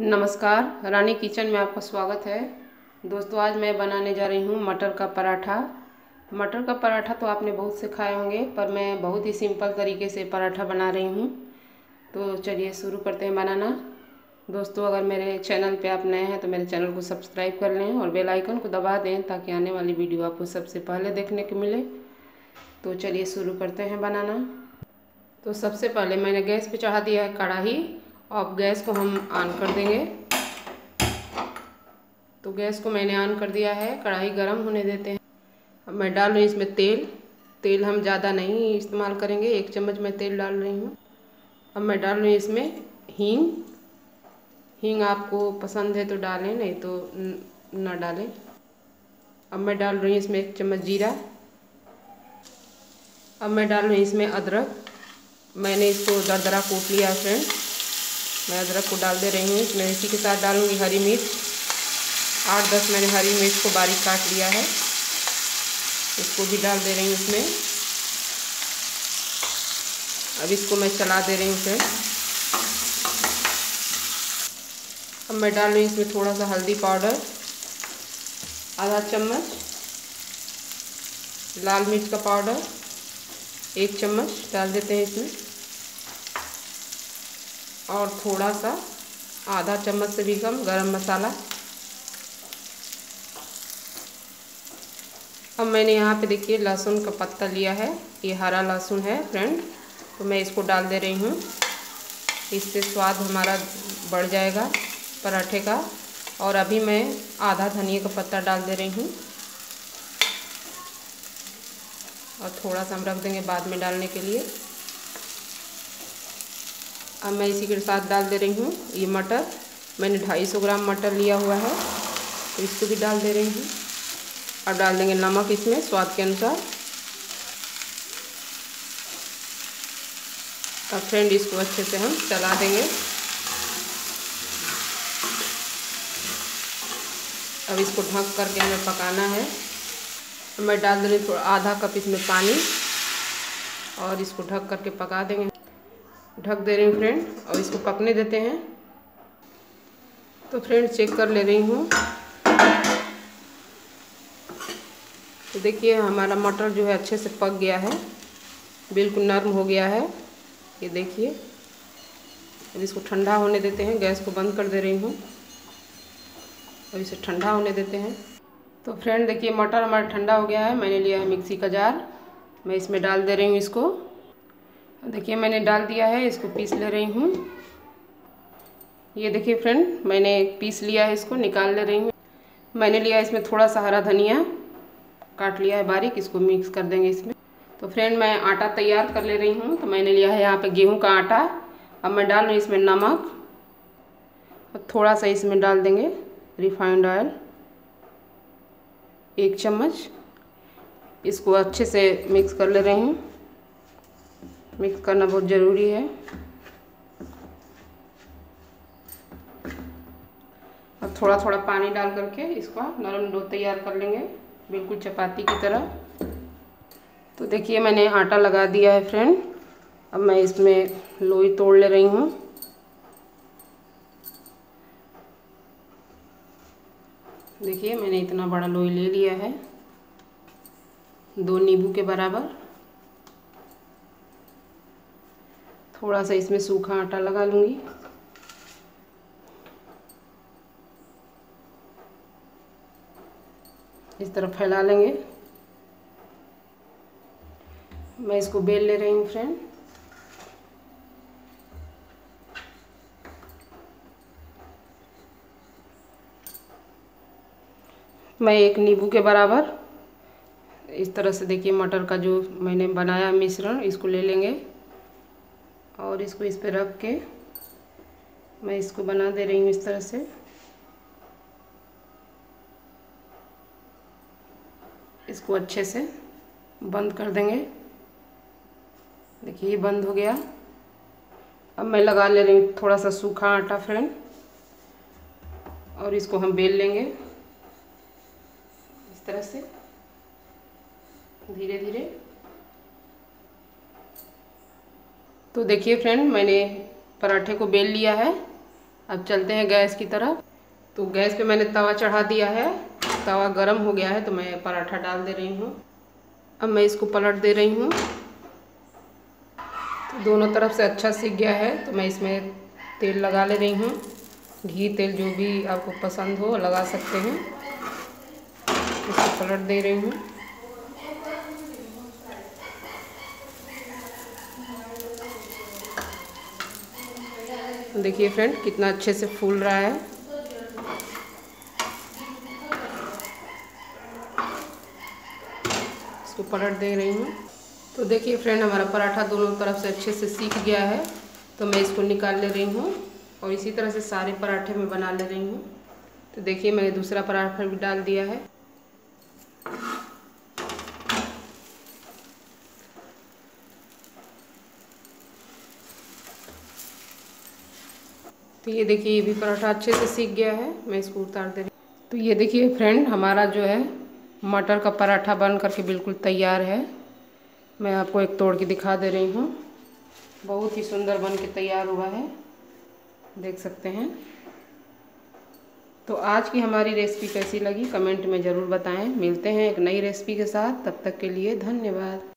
नमस्कार रानी किचन में आपका स्वागत है दोस्तों आज मैं बनाने जा रही हूँ मटर का पराठा मटर का पराठा तो आपने बहुत से खाए होंगे पर मैं बहुत ही सिंपल तरीके से पराठा बना रही हूँ तो चलिए शुरू करते हैं बनाना दोस्तों अगर मेरे चैनल पे आप नए हैं तो मेरे चैनल को सब्सक्राइब कर लें और बेल आइकन को दबा दें ताकि आने वाली वीडियो आपको सबसे पहले देखने को मिले तो चलिए शुरू करते हैं बनाना तो सबसे पहले मैंने गैस पर चढ़ा दिया है कढ़ाही अब गैस को हम ऑन कर देंगे तो गैस को मैंने ऑन कर दिया है कढ़ाई गर्म होने देते हैं अब मैं डाल रही इसमें तेल तेल हम ज़्यादा नहीं इस्तेमाल करेंगे एक चम्मच मैं तेल डाल रही हूँ अब मैं डाल रही इसमें हींग हींग आपको पसंद है तो डालें नहीं तो ना डालें अब मैं डाल रही हूँ इसमें एक चम्मच जीरा अब मैं डाल रही इसमें अदरक मैंने इसको दरदरा कूट लिया फ्रेंड मैं अदरक को डाल दे रही हूँ मैं इसी के साथ डालूँगी हरी मिर्च आठ दस मैंने हरी मिर्च को बारीक काट लिया है इसको भी डाल दे रही हूँ इसमें अब इसको मैं चला दे रही हूँ फिर अब मैं डाल रही हूँ इसमें थोड़ा सा हल्दी पाउडर आधा चम्मच लाल मिर्च का पाउडर एक चम्मच डाल देते हैं इसमें और थोड़ा सा आधा चम्मच से भी कम गरम मसाला अब मैंने यहाँ पे देखिए लहसुन का पत्ता लिया है ये हरा लहसुन है फ्रेंड तो मैं इसको डाल दे रही हूँ इससे स्वाद हमारा बढ़ जाएगा पराठे का और अभी मैं आधा धनिया का पत्ता डाल दे रही हूँ और थोड़ा सा हम रख देंगे बाद में डालने के लिए अब मैं इसी के साथ डाल दे रही हूँ ये मटर मैंने 250 ग्राम मटर लिया हुआ है तो इसको भी डाल दे रही हूँ अब डाल देंगे नमक इसमें स्वाद के अनुसार अब फ्रेंड इसको अच्छे से हम चला देंगे अब इसको ढक करके हमें पकाना है मैं डाल दे रही थोड़ा आधा कप इसमें पानी और इसको ढक करके पका देंगे ढक दे रही हूँ फ्रेंड और इसको पकने देते हैं तो फ्रेंड चेक कर ले रही हूँ तो देखिए हमारा मटर जो है अच्छे से पक गया है बिल्कुल नरम हो गया है ये देखिए अब इसको ठंडा होने देते हैं गैस को बंद कर दे रही हूँ अब इसे ठंडा होने देते हैं तो फ्रेंड देखिए मटर हमारा ठंडा हो गया है मैंने लिया है मिक्सी का जार मैं इसमें डाल दे रही हूँ इसको देखिए मैंने डाल दिया है इसको पीस ले रही हूँ ये देखिए फ्रेंड मैंने पीस लिया है इसको निकाल ले रही हूँ मैंने लिया इसमें थोड़ा सा हरा धनिया काट लिया है बारीक इसको मिक्स कर देंगे इसमें तो फ्रेंड मैं आटा तैयार कर ले रही हूँ तो मैंने लिया है यहाँ पे गेहूँ का आटा अब मैं डाल रही इसमें नमक और थोड़ा सा इसमें डाल देंगे रिफाइंड ऑयल एक चम्मच इसको अच्छे से मिक्स कर ले रही हूँ मिक्स करना बहुत ज़रूरी है अब थोड़ा थोड़ा पानी डाल करके इसका नरम डो तैयार कर लेंगे बिल्कुल चपाती की तरह तो देखिए मैंने आटा लगा दिया है फ्रेंड अब मैं इसमें लोई तोड़ ले रही हूँ देखिए मैंने इतना बड़ा लोई ले लिया है दो नींबू के बराबर थोड़ा सा इसमें सूखा आटा लगा लूँगी इस तरह फैला लेंगे मैं इसको बेल ले रही हूँ फ्रेंड मैं एक नींबू के बराबर इस तरह से देखिए मटर का जो मैंने बनाया मिश्रण इसको ले लेंगे और इसको इस पर रख के मैं इसको बना दे रही हूँ इस तरह से इसको अच्छे से बंद कर देंगे देखिए ये बंद हो गया अब मैं लगा ले रही हूँ थोड़ा सा सूखा आटा फ्रेंड और इसको हम बेल लेंगे इस तरह से धीरे धीरे तो देखिए फ्रेंड मैंने पराठे को बेल लिया है अब चलते हैं गैस की तरफ तो गैस पे मैंने तवा चढ़ा दिया है तवा गर्म हो गया है तो मैं पराठा डाल दे रही हूँ अब मैं इसको पलट दे रही हूँ तो दोनों तरफ से अच्छा सीख गया है तो मैं इसमें तेल लगा ले रही हूँ घी तेल जो भी आपको पसंद हो लगा सकते हैं इसको पलट दे रही हूँ देखिए फ्रेंड कितना अच्छे से फूल रहा है इसको पलट दे रही हूँ तो देखिए फ्रेंड हमारा पराठा दोनों तरफ से अच्छे से सीख गया है तो मैं इसको निकाल ले रही हूँ और इसी तरह से सारे पराठे में बना ले रही हूँ तो देखिए मैंने दूसरा पराठा भी डाल दिया है तो ये देखिए ये भी पराठा अच्छे से सीख गया है मैं इसको उतार दे रही तो ये देखिए फ्रेंड हमारा जो है मटर का पराठा बन करके बिल्कुल तैयार है मैं आपको एक तोड़ के दिखा दे रही हूँ बहुत ही सुंदर बन के तैयार हुआ है देख सकते हैं तो आज की हमारी रेसिपी कैसी लगी कमेंट में ज़रूर बताएं मिलते हैं एक नई रेसिपी के साथ तब तक के लिए धन्यवाद